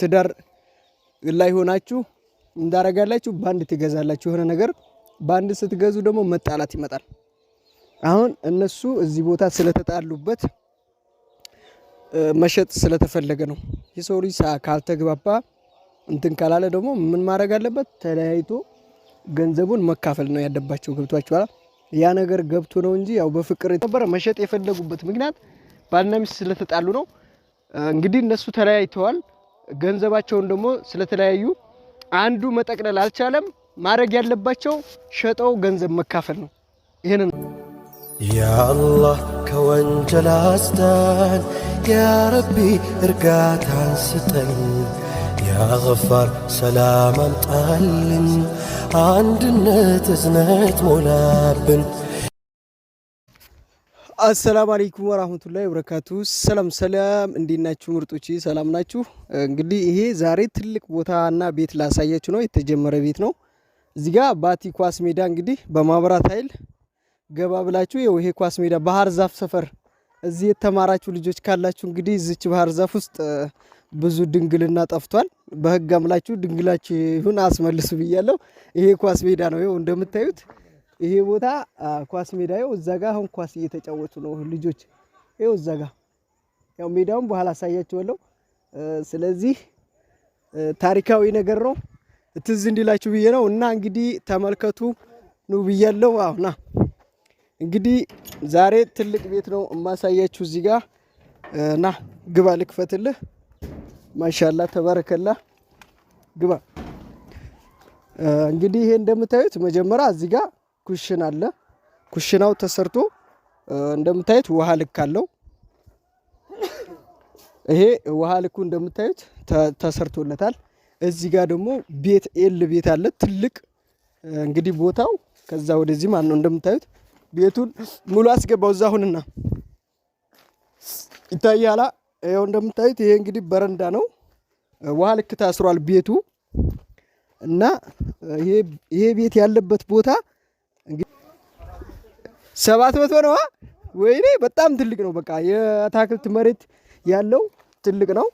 ትዳር ላይ ሆናችሁ እንዳረጋላችሁ በአንድ ትገዛላችሁ የሆነ ነገር በአንድ ስትገዙ ደግሞ መጣላት ይመጣል። አሁን እነሱ እዚህ ቦታ ስለተጣሉበት መሸጥ ስለተፈለገ ነው። የሰው ልጅ ካልተግባባ እንትን ካላለ ደግሞ ምን ማድረግ አለበት? ተለያይቶ ገንዘቡን መካፈል ነው ያለባቸው። ገብቷችኋል? ያ ነገር ገብቶ ነው እንጂ ያው በፍቅር ነበረ። መሸጥ የፈለጉበት ምክንያት ባልና ሚስት ስለተጣሉ ነው። እንግዲህ እነሱ ተለያይተዋል። ገንዘባቸውን ደግሞ ስለተለያዩ አንዱ መጠቅለል አልቻለም። ማድረግ ያለባቸው ሸጠው ገንዘብ መካፈል ነው። ይህንን ያአላህ ከወንጀል አስዳን፣ ያረቢ እርጋታን ስጠን፣ ያገፋር ሰላም አምጣልን፣ አንድነት እዝነት ሞላብን አሰላም አለይኩም ወራህመቱላሂ ወበረካቱ። ሰላም ሰላም፣ እንዴት ናችሁ ምርጦች? ሰላም ናችሁ? እንግዲህ ይሄ ዛሬ ትልቅ ቦታና ቤት ላሳያችሁ ነው። የተጀመረ ቤት ነው። እዚህ ጋር ባቲ ኳስ ሜዳ እንግዲህ በማብራት ኃይል ገባ ብላችሁ ይሄ ኳስ ሜዳ ባህር ዛፍ ሰፈር እዚህ የተማራችሁ ልጆች ካላችሁ እንግዲህ እዚች ባህር ዛፍ ውስጥ ብዙ ድንግልና ጠፍቷል። በህግ አምላችሁ ድንግላችሁን አስመልሱ ብያለሁ። ይሄ ኳስ ሜዳ ነው ይኸው እንደምታዩት ይሄ ቦታ ኳስ ሜዳ ይኸው እዛ ጋ አሁን ኳስ እየተጫወቱ ነው ልጆች። ይኸው እዛ ጋ ያው ሜዳውን በኋላ አሳያችኋለሁ። ስለዚህ ታሪካዊ ነገር ነው ትዝ እንዲላችሁ ብዬ ነው። እና እንግዲህ ተመልከቱ ኑ ብያለሁ። አሁና እንግዲህ ዛሬ ትልቅ ቤት ነው የማሳያችሁ። እዚህ ጋ እና ግባ፣ ልክፈትልህ። ማሻላ ተበረከላ ግባ። እንግዲህ ይሄ እንደምታዩት መጀመሪያ እዚህ ጋ ኩሽን አለ። ኩሽናው ተሰርቶ እንደምታዩት ውሃ ልክ አለው። ይሄ ውሃ ልኩ እንደምታዩት ተሰርቶለታል። እዚህ ጋር ደግሞ ቤት ኤል ቤት አለ ትልቅ እንግዲህ ቦታው ከዛ ወደዚህ ማን ነው እንደምታዩት ቤቱን ሙሉ አስገባው እዛ አሁንና ይታያላ። ይኸው እንደምታዩት ይሄ እንግዲህ በረንዳ ነው። ውሃ ልክ ታስሯል ቤቱ እና ይሄ ቤት ያለበት ቦታ ሰባት መቶ ነው። ወይኔ በጣም ትልቅ ነው። በቃ የአታክልት መሬት ያለው ትልቅ ነው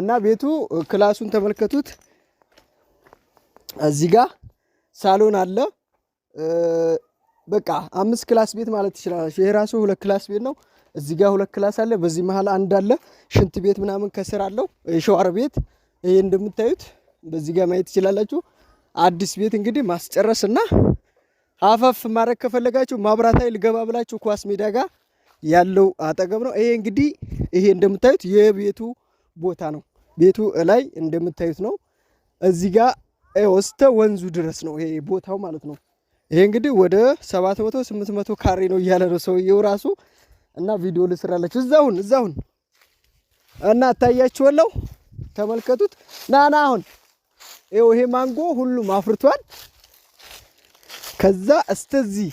እና ቤቱ ክላሱን ተመልከቱት። እዚህ ጋር ሳሎን አለ። በቃ አምስት ክላስ ቤት ማለት ትችላላችሁ። ይሄ ራሱ ሁለት ክላስ ቤት ነው። እዚህ ጋር ሁለት ክላስ አለ። በዚህ መሀል አንድ አለ። ሽንት ቤት ምናምን ከስር አለው። የሸዋር ቤት ይሄ እንደምታዩት በዚህ ጋር ማየት ትችላላችሁ። አዲስ ቤት እንግዲህ ማስጨረስ እና አፈፍ ማድረግ ከፈለጋችሁ ማብራት ኃይል ገባ ብላችሁ ኳስ ሜዳ ጋር ያለው አጠገብ ነው። ይሄ እንግዲህ ይሄ እንደምታዩት የቤቱ ቦታ ነው። ቤቱ ላይ እንደምታዩት ነው። እዚህ ጋር እስተ ወንዙ ድረስ ነው ይሄ ቦታው ማለት ነው። ይሄ እንግዲህ ወደ 700 800 ካሬ ነው እያለ ነው ሰውየው ራሱ እና ቪዲዮ ልስራላችሁ እዛሁን እዛሁን እና ታያችኋለሁ። ተመልከቱት። ናና አሁን ይሄ ማንጎ ሁሉም አፍርቷል። ከዛ እስተዚህ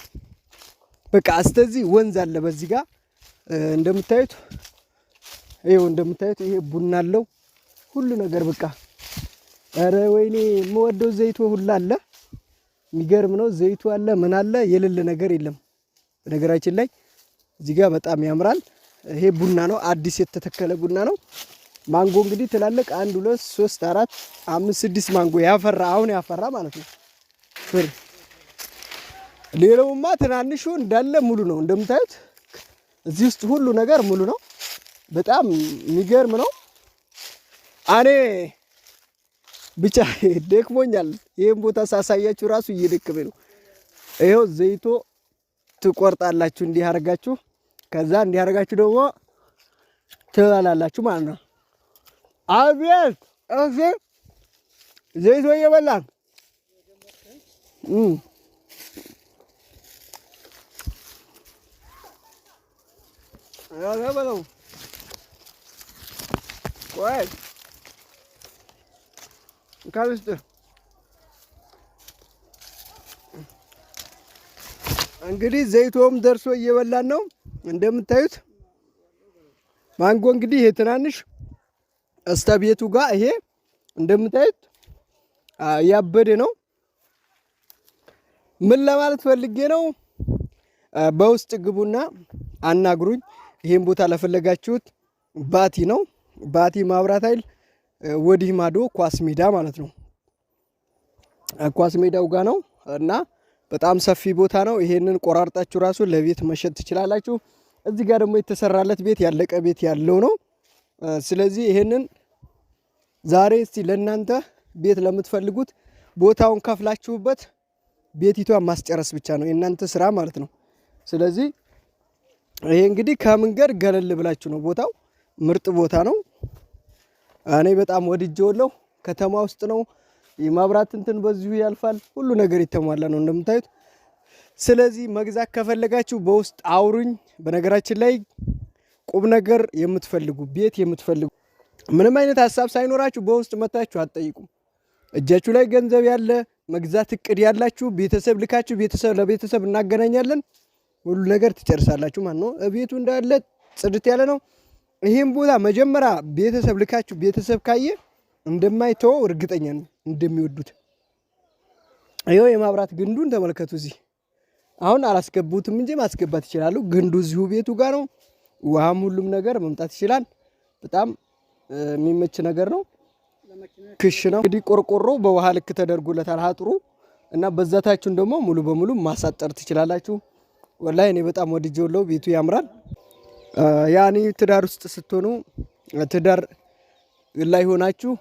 በቃ እስተዚህ ወንዝ አለ። በዚህ ጋር እንደምታዩት ይኸው እንደምታዩት ይሄ ቡና አለው ሁሉ ነገር በቃ ኧረ ወይኔ የምወደው ዘይቱ ሁላ አለ። የሚገርም ነው። ዘይቱ አለ ምን አለ የሌለ ነገር የለም። በነገራችን ላይ እዚህ ጋር በጣም ያምራል። ይሄ ቡና ነው፣ አዲስ የተተከለ ቡና ነው። ማንጎ እንግዲህ ትላልቅ አንድ ሁለት ሶስት አራት አምስት ስድስት ማንጎ ያፈራ አሁን ያፈራ ማለት ነው ፍሬ ሌላውማ ትናንሹ እንዳለ ሙሉ ነው። እንደምታዩት እዚህ ውስጥ ሁሉ ነገር ሙሉ ነው። በጣም የሚገርም ነው። እኔ ብቻ ደክሞኛል። ይህን ቦታ ሳሳያችሁ ራሱ እየደከመ ነው። ይኸው ዘይቶ ትቆርጣላችሁ፣ እንዲህ ከዛ እንዲህ ደግሞ ትበላላችሁ ማለት ነው። አቤት እሺ ዘይቶ እየበላን በለው ቆይ ካልስጥ እንግዲህ ዘይቶም ደርሶ እየበላን ነው። እንደምታዩት ማንጎ እንግዲህ ይሄ ትናንሽ እስተ ቤቱ ጋር ይሄ እንደምታዩት እያበደ ነው። ምን ለማለት ፈልጌ ነው፣ በውስጥ ግቡና አናግሩኝ። ይህም ቦታ ለፈለጋችሁት ባቲ ነው። ባቲ ማብራት ኃይል ወዲህ ማዶ ኳስ ሜዳ ማለት ነው። ኳስ ሜዳው ጋ ነው እና በጣም ሰፊ ቦታ ነው። ይሄንን ቆራርጣችሁ ራሱ ለቤት መሸጥ ትችላላችሁ። እዚህ ጋር ደግሞ የተሰራለት ቤት ያለቀ ቤት ያለው ነው። ስለዚህ ይሄንን ዛሬ እስቲ ለእናንተ ቤት ለምትፈልጉት ቦታውን ከፍላችሁበት ቤቲቷን ማስጨረስ ብቻ ነው የእናንተ ስራ ማለት ነው። ስለዚህ ይሄ እንግዲህ ከመንገድ ገለል ብላችሁ ነው። ቦታው ምርጥ ቦታ ነው። እኔ በጣም ወድጄዋለሁ። ከተማ ውስጥ ነው። የማብራት እንትን በዚሁ ያልፋል። ሁሉ ነገር የተሟላ ነው እንደምታዩት። ስለዚህ መግዛት ከፈለጋችሁ በውስጥ አውሩኝ። በነገራችን ላይ ቁም ነገር የምትፈልጉ ቤት የምትፈልጉ ምንም አይነት ሀሳብ ሳይኖራችሁ በውስጥ መታችሁ አትጠይቁም። እጃችሁ ላይ ገንዘብ ያለ መግዛት እቅድ ያላችሁ ቤተሰብ ልካችሁ ቤተሰብ ለቤተሰብ እናገናኛለን። ሁሉ ነገር ትጨርሳላችሁ ማለት ነው። ቤቱ እንዳለ ጽድት ያለ ነው። ይህም ቦታ መጀመሪያ ቤተሰብ ልካችሁ ቤተሰብ ካየ እንደማይተወው እርግጠኛ ነው እንደሚወዱት። ይኸው የማብራት ግንዱን ተመልከቱ። እዚህ አሁን አላስገቡትም እንጂ ማስገባት ይችላሉ። ግንዱ እዚሁ ቤቱ ጋር ነው። ውሃም ሁሉም ነገር መምጣት ይችላል። በጣም የሚመች ነገር ነው። ክሽ ነው እንግዲህ ቆርቆሮ በውሃ ልክ ተደርጎለታል አጥሩ እና በዛታችሁን ደግሞ ሙሉ በሙሉ ማሳጠር ትችላላችሁ። ወላሂ እኔ በጣም ወድጄዋለሁ። ቤቱ ያምራል። ያኔ ትዳር ውስጥ ስትሆኑ ትዳር ላይ ሆናችሁ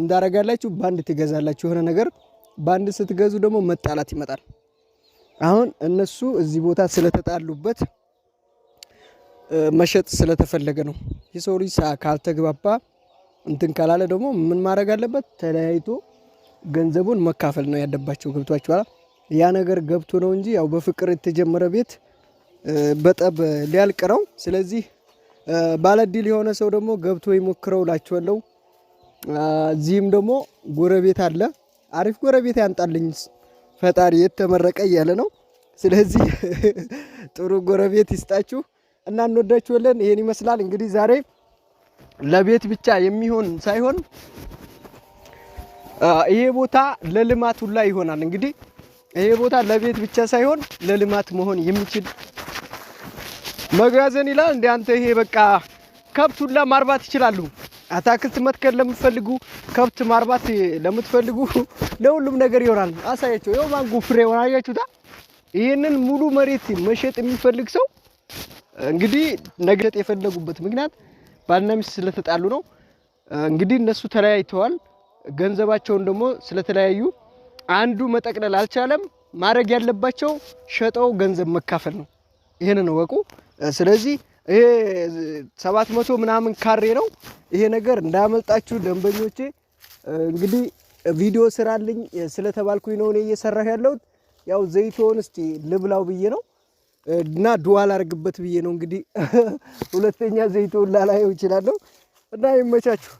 እንዳረጋላችሁ በአንድ ትገዛላችሁ የሆነ ነገር። በአንድ ስትገዙ ደግሞ መጣላት ይመጣል። አሁን እነሱ እዚህ ቦታ ስለተጣሉበት መሸጥ ስለተፈለገ ነው። የሰው ልጅ ካልተግባባ እንትን ካላለ ደግሞ ምን ማድረግ አለበት? ተለያይቶ ገንዘቡን መካፈል ነው ያለባቸው። ገብቷችኋል? ያ ነገር ገብቶ ነው እንጂ ያው በፍቅር የተጀመረ ቤት በጠብ ሊያልቅ ነው። ስለዚህ ባለድል የሆነ ሰው ደግሞ ገብቶ ይሞክረው እላችኋለሁ። እዚህም ደግሞ ጎረቤት አለ። አሪፍ ጎረቤት ያምጣልኝ ፈጣሪ የተመረቀ እያለ ነው። ስለዚህ ጥሩ ጎረቤት ይስጣችሁ እና እንወዳችኋለን። ይሄን ይመስላል እንግዲህ ዛሬ ለቤት ብቻ የሚሆን ሳይሆን ይሄ ቦታ ለልማት ሁላ ይሆናል እንግዲህ ይሄ ቦታ ለቤት ብቻ ሳይሆን ለልማት መሆን የሚችል መጋዘን ይላል። እንደ አንተ ይሄ በቃ ከብት ሁላ ማርባት ይችላሉ። አታክልት መትከል ለምትፈልጉ፣ ከብት ማርባት ለምትፈልጉ ለሁሉም ነገር ይሆናል። አሳያቸው። ይኸው ማንጎ ፍሬ ሆና አያችሁታ። ይህንን ሙሉ መሬት መሸጥ የሚፈልግ ሰው እንግዲህ ነገጥ የፈለጉበት ምክንያት ባልና ሚስት ስለተጣሉ ነው። እንግዲህ እነሱ ተለያይተዋል። ገንዘባቸውን ደግሞ ስለተለያዩ አንዱ መጠቅለል አልቻለም። ማድረግ ያለባቸው ሸጠው ገንዘብ መካፈል ነው። ይህንን እወቁ። ስለዚህ ይሄ ሰባት መቶ ምናምን ካሬ ነው። ይሄ ነገር እንዳመልጣችሁ ደንበኞቼ። እንግዲህ ቪዲዮ ስራልኝ ስለተባልኩኝ ነው እኔ እየሰራሁ ያለሁት። ያው ዘይቶን እስቲ ልብላው ብዬ ነው እና ዱዓ ላርግበት ብዬ ነው። እንግዲህ ሁለተኛ ዘይቶን ላላየው እችላለሁ እና ይመቻችሁ።